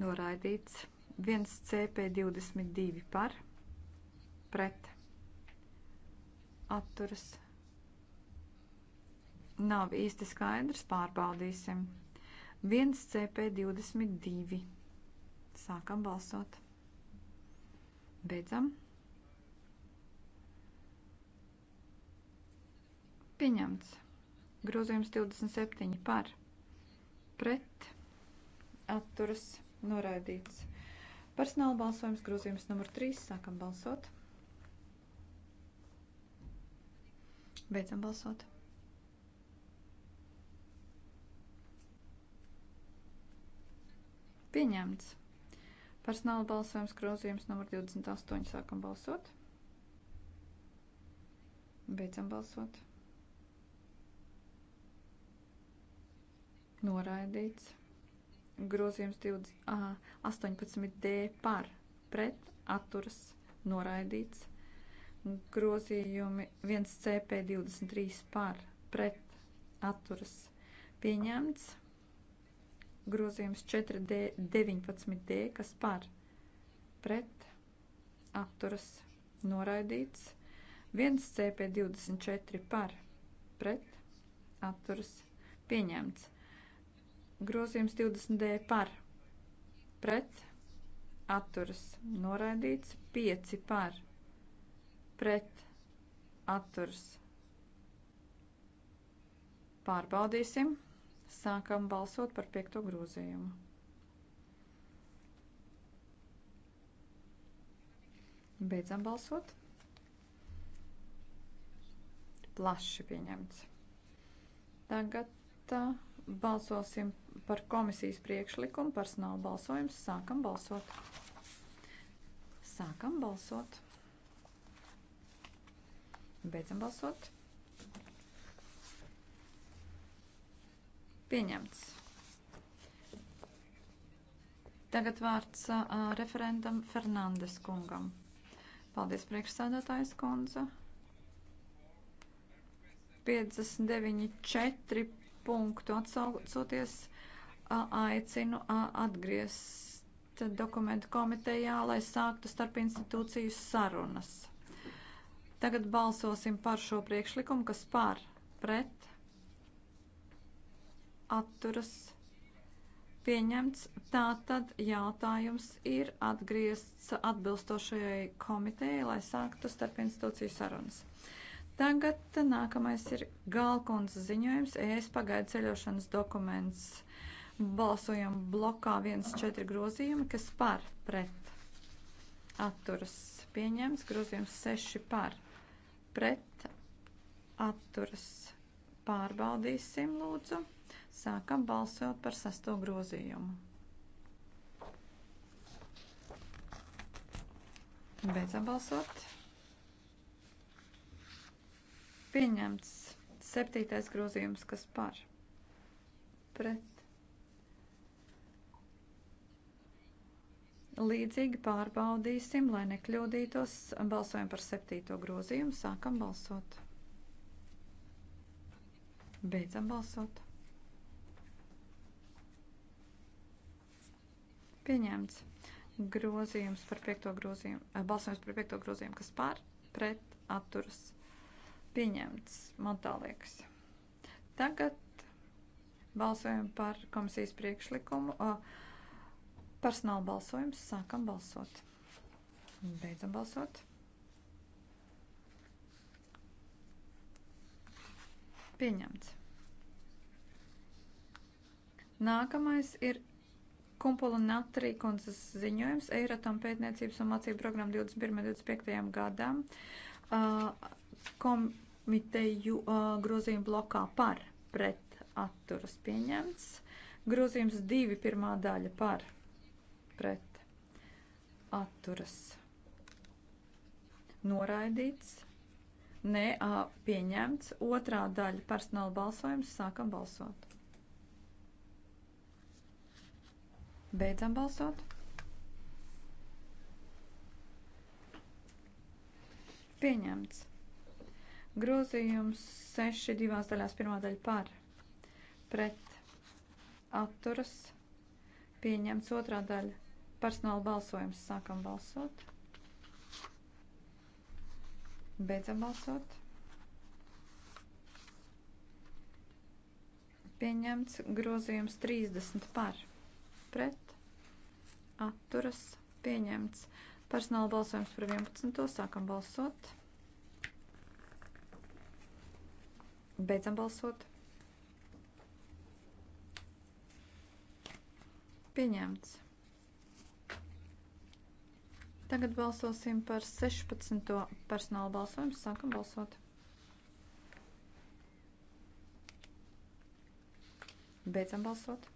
S3: noraidīts. 1 CP22 par, pret, atturas. Nav īsti skaidrs, pārbaudīsim. 1 CP22. Sākam balsot. Beidzam. Pieņemts. Grozījums 27 par, pret, atturas noraidīts. Personāla balsojums grozījums numur 3. Sākam balsot. Beidzam balsot. Pieņemts. Personāla balsojums grozījums numur 28. Sākam balsot. Beidzam balsot. Noraidīts grozījums 20, aha, 18D par pret atturas noraidīts. Grozījumi 1CP23 par pret atturas pieņemts. Grozījums 4D19D, kas par pret atturas noraidīts. 1CP24 par pret atturas pieņemts. Grozījums 20D par pret atturas noraidīts 5 par pret atturas. Pārbaudīsim. Sākam balsot par piekto grozījumu. Beidzam balsot. Plaši pieņemts. Tagad uh, balsosim par komisijas priekšlikumu personāla balsojums. Sākam balsot. Sākam balsot. Beidzam balsot. Pieņemts. Tagad vārds uh, referendam Fernandes kungam. Paldies, priekšsādātājs kundze. 59.4 punktu atsaucoties aicinu atgriezt dokumentu komitejā, lai sāktu starp institūciju sarunas. Tagad balsosim par šo priekšlikumu, kas par pret atturas pieņemts. Tātad jautājums ir atgriezts atbilstošajai komitejai, lai sāktu starp institūciju sarunas. Tagad nākamais ir Galkundas ziņojums, ES pagaidu ceļošanas dokuments. Uh, Balsojam blokā 1-4 grozījumi, kas par pret atturas pieņems. Grozījums 6 par pret atturas pārbaudīsim lūdzu. Sākam balsot par sesto grozījumu. Beidzam balsot. Pieņemts septītais grozījums, kas par pret Līdzīgi pārbaudīsim, lai nekļūdītos. Balsojam par septīto grozījumu. Sākam balsot. Beidzam balsot. Pieņemts grozījums par piekto grozījumu, eh, balsojums par piekto grozījumu, kas pār, pret, atturas. Pieņemts, man tā liekas. Tagad balsojam par komisijas priekšlikumu. Uh, Personāla balsojums. Sākam balsot. Beidzam balsot. Pieņemts. Nākamais ir Kumpula Natrī kundzes ziņojums Eiratom pētniecības un mācību programmu 21.25. gadam uh, komiteju uh, grozījumu blokā par pret atturas pieņemts. Grozījums 2. pirmā daļa par pret pret atturas noraidīts. Nē, pieņemts. Otrā daļa personāla balsojums. Sākam balsot. Beidzam balsot. Pieņemts. Grozījums 6 divās daļās pirmā daļa par. Pret atturas. Pieņemts otrā daļa Personāla balsojums. Sākam balsot. Beidzam balsot. Pieņemts grozījums 30 par. Pret. Atturas. Pieņemts. Personāla balsojums par 11. Sākam balsot. Beidzam balsot. Pieņemts. Tagad balsosim par 16. personāla balsojumu. Sākam balsot. Beidzam balsot.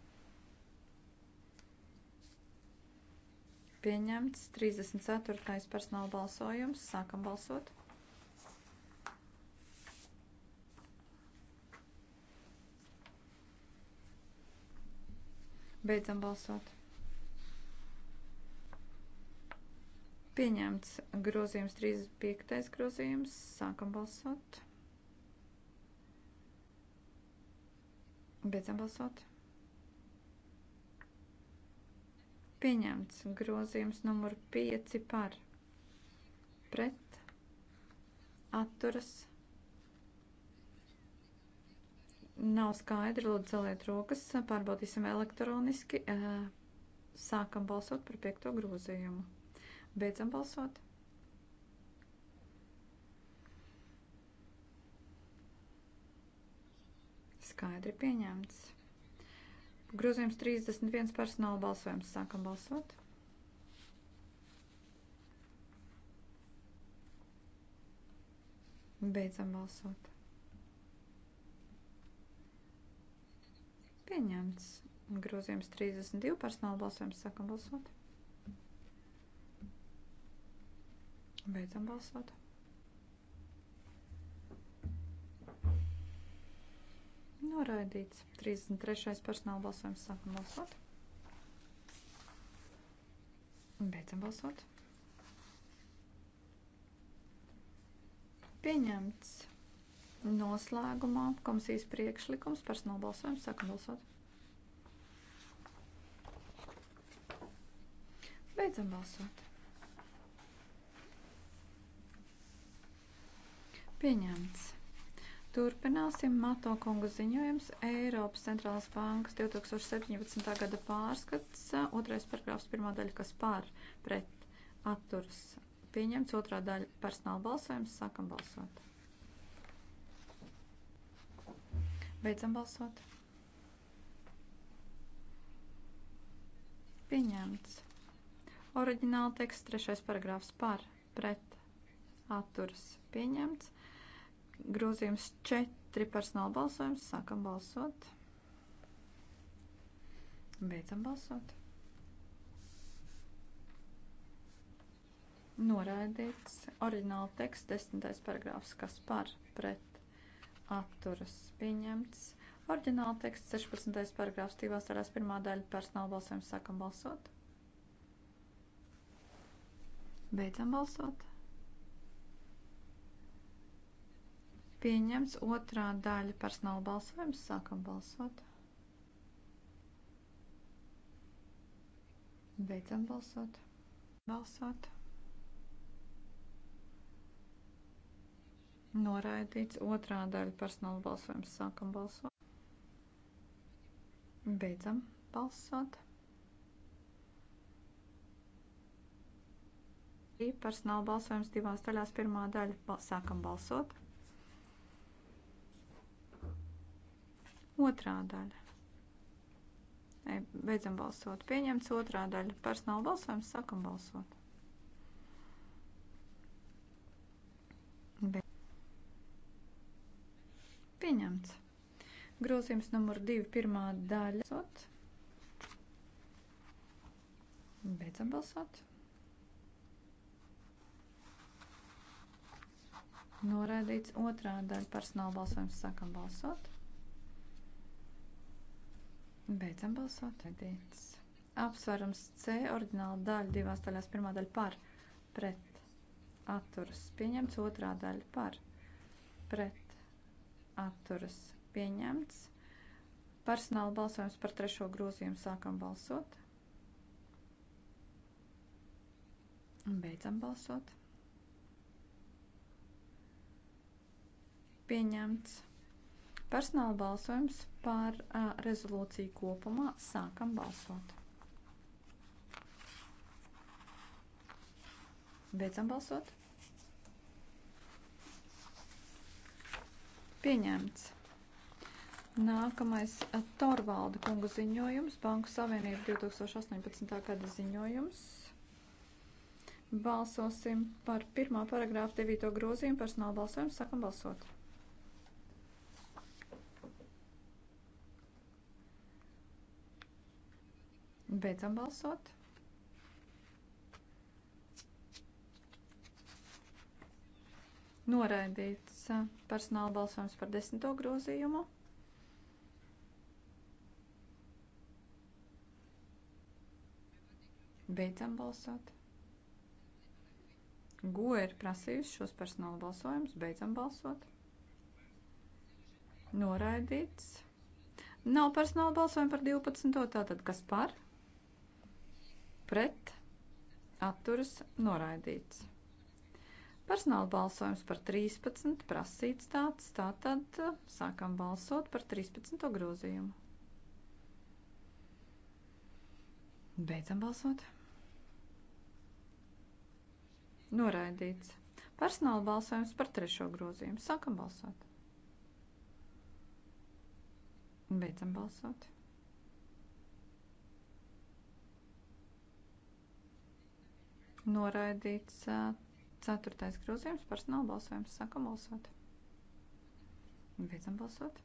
S3: Pieņemts 34. personāla balsojums. Sākam balsot. Beidzam balsot. Pieņemts grozījums 35. grozījums. Sākam balsot. Beidzam balsot. Pieņemts grozījums numur 5 par pret atturas. Nav skaidri, lūdzu, celiet rokas, pārbaudīsim elektroniski. Eh, sākam balsot par piekto grozījumu. Beidzam balsot. Skaidri pieņemts. Grozījums 31 personāla balsojums. Sākam balsot. Beidzam balsot. Pieņemts. Grozījums 32 personāla balsojums. Sākam balsot. Beidzam balsot. Noraidīts. 33. personāla balsojums. Sākam balsot. Beidzam balsot. Pieņemts. Noslēgumā komisijas priekšlikums. Personāla balsojums. Sākam balsot. Beidzam balsot. Pieņemts. Turpināsim Mato kunga ziņojums Eiropas centrālās bankas 2017. gada pārskats, otrais paragrāfs, pirmā daļa, kas pār pret atturs pieņemts, otrā daļa personāla balsojums, sākam balsot. Beidzam balsot. Pieņemts. Oriģināla teksts, trešais paragrāfs par pret atturs pieņemts. Grozījums 4 personāla balsojums. Sākam balsot. Beidzam balsot. Noraidīts oriģināla teksts, desmitais paragrāfs, kas par pret atturas pieņemts. Oriģināla teksts, 16. paragrāfs, divās daļās, pirmā daļa personāla balsojums, sākam balsot. Beidzam balsot. Pieņemts otrā daļa personāla balsojums. Sākam balsot. Beidzam balsot. Balsot. Noraidīts otrā daļa personāla balsojums. Sākam balsot. Beidzam balsot. Personāla balsojums divās daļās. Pirmā daļa sākam balsot. Otrā daļa. Ei, beidzam balsot. Pieņemts otrā daļa. Personāla balsojums sākam balsot. Be Pieņemts. Grozījums numur 2, pirmā daļa. Sot. Beidzam balsot. Noraidīts otrā daļa. Personāla balsojums sākam balsot. Beidzam balsot. Redīts. Apsvērums C oriģināla daļa divās daļās. Pirmā daļa par, pret, atturas. Pieņemts otrā daļa par, pret, atturas. Pieņemts. Personāla balsojums par trešo grozījumu sākam balsot. Un beidzam balsot. Pieņemts. Personāla balsojums par uh, rezolūciju kopumā. Sākam balsot. Beidzam balsot. Pieņemts. Nākamais Torvalda kunga ziņojums, Banku Savienība 2018. gada ziņojums. Balsosim par pirmā paragrāfa 9. grozījumu personāla balsojumu. Sākam balsot. Beidzam balsot. Noraidīts personāla balsojums par desmito grozījumu. Beidzam balsot. Goe ir prasījusi šos personāla balsojumus. Beidzam balsot. Noraidīts. Nav personāla balsojuma par 12. Tātad kas par? pret atturas noraidīts. Personāla balsojums par 13 prasīts tāds, tātad eh, sākam balsot par 13. grozījumu. Beidzam balsot. Noraidīts. Personāla balsojums par trešo grozījumu. Sākam balsot. Beidzam balsot. Noraidīts ceturtais grozījums, personāla balsojums. Sākam balsot. Beidzam balsot.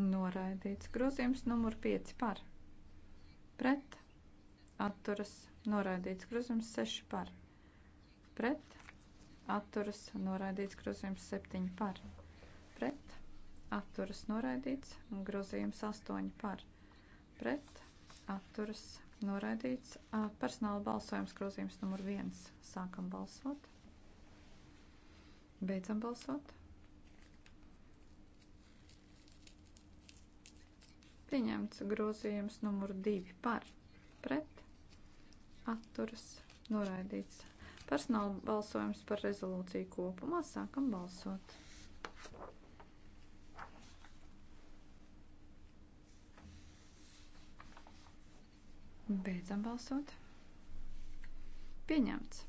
S3: Noraidīts grozījums numur 5 par. Pret. Atturas. Noraidīts grozījums 6 par. Pret. Atturas. Noraidīts grozījums 7 par. Pret. Atturas. Noraidīts grozījums 8 par pret atturas noraidīts. Personāla balsojums grozījums numur viens. Sākam balsot. Beidzam balsot. Pieņemts grozījums numur divi par pret atturas noraidīts. Personāla balsojums par rezolūciju kopumā. Sākam balsot. Beidzam balsot. Pieņemts.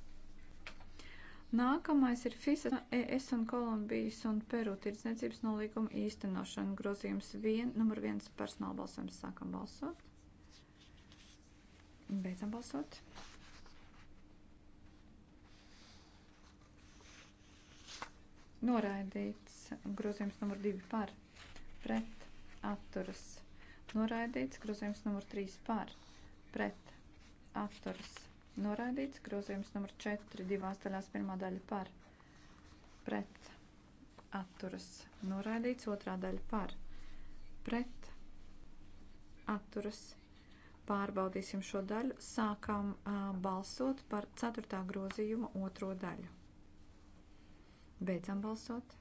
S3: Nākamais ir FISA ES un Kolumbijas un Peru tirdzniecības nolīguma īstenošana. Grozījums vien, numur viens personāla balsojums. Sākam balsot. Beidzam balsot. Noraidīts grozījums numur divi par. Pret. Atturas. Noraidīts grozījums numur trīs par pret atturas noraidīts. Grozījums numur 4 divās daļās pirmā daļa par pret atturas noraidīts. Otrā daļa par pret atturas pārbaudīsim šo daļu. Sākam uh, balsot par 4. grozījuma otro daļu. Beidzam balsot.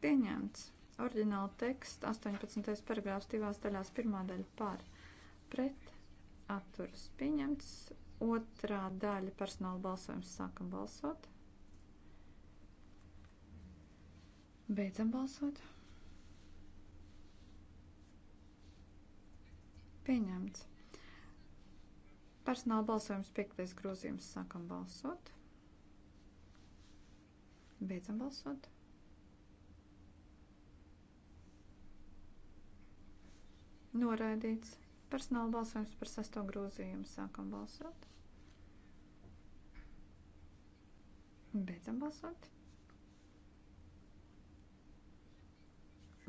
S3: Pieņemts. Ordināla teksta 18. paragrāfs divās daļās pirmā daļa par pret atturas pieņemts, otrā daļa personāla balsojums sākam balsot. Beidzam balsot. Pieņemts. Personāla balsojums piektais grozījums sākam balsot. Beidzam balsot. Noraidīts. Personāla balsojums par sesto grozījumu. Sākam balsot. Beidzam balsot.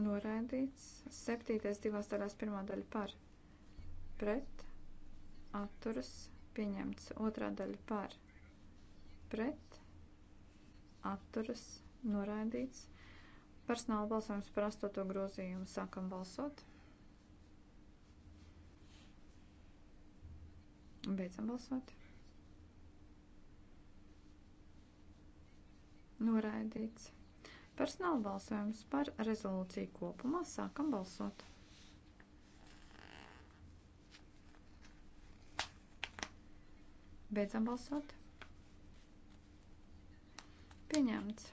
S3: Noraidīts. Septītais divās daļās pirmā daļa par. Pret. Atturas. Pieņemts. Otrā daļa par. Pret. Atturas. Noraidīts. Personāla balsojums par astoto grozījumu. Sākam balsot. Beidzam balsot. Noraidīts. Personāla balsojums par rezolūciju kopumā. Sākam balsot. Beidzam balsot. Pieņemts.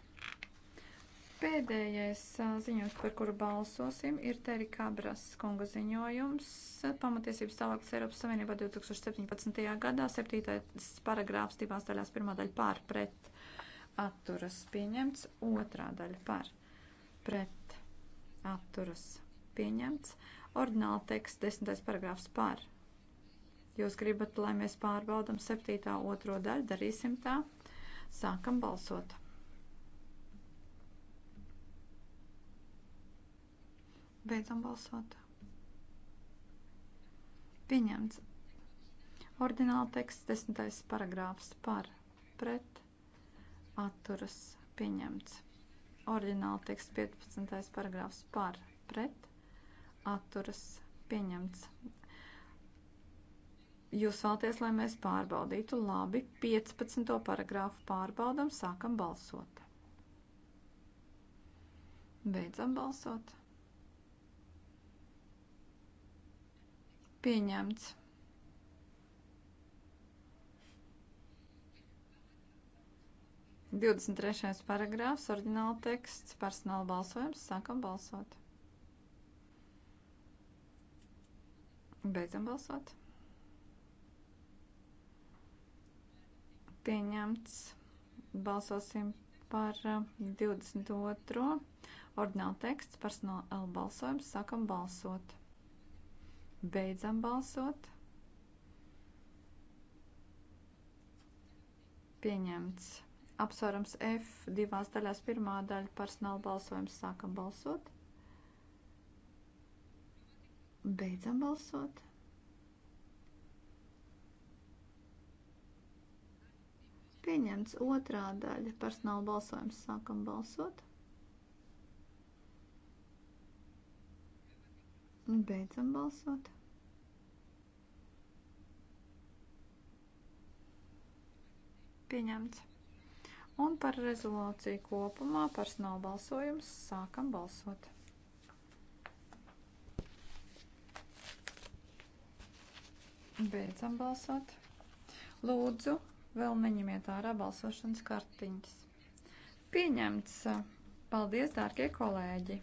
S3: Pēdējais ziņojums, par kuru balsosim, ir Teri Kabras kunga ziņojums pamatiesības stāvoklis Eiropas Savienībā 2017. gadā, 7. paragrāfs divās daļās, pirmā daļa pār pret atturas pieņemts, otrā daļa pār pret atturas pieņemts, ordināla teksts 10. paragrāfs pār. Jūs gribat, lai mēs pārbaudam 7. otro daļu, darīsim tā, sākam balsot. Beidzam balsot. Pieņemts. Ordināla teksts, desmitais paragrāfs par, pret, atturas, pieņemts. Ordināla teksts, 15. paragrāfs par, pret, atturas, pieņemts. Jūs vēlaties, lai mēs pārbaudītu? Labi, 15. paragrāfu pārbaudam, sākam balsot. Beidzam balsot. Pieņemts. Divdesmit trešais paragrāfs, oriģināla teksts, personāla balsojums, sākam balsot. Beidzam balsot. Pieņemts. Balsosim par 22. Uh, Ordināla teksts, personāla balsojums, sākam balsot. Beidzam balsot. Pieņemts. Apsvarums F divās daļās. Pirmā daļa personāla balsojums. Sākam balsot. Beidzam balsot. Pieņemts otrā daļa personāla balsojums. Sākam balsot. Nu, beidzam balsot. Pieņemts. Un par rezolūciju kopumā personāla balsojums sākam balsot. Beidzam balsot. Lūdzu, vēl neņemiet ārā balsošanas kartiņas. Pieņemts. Paldies, dārgie kolēģi!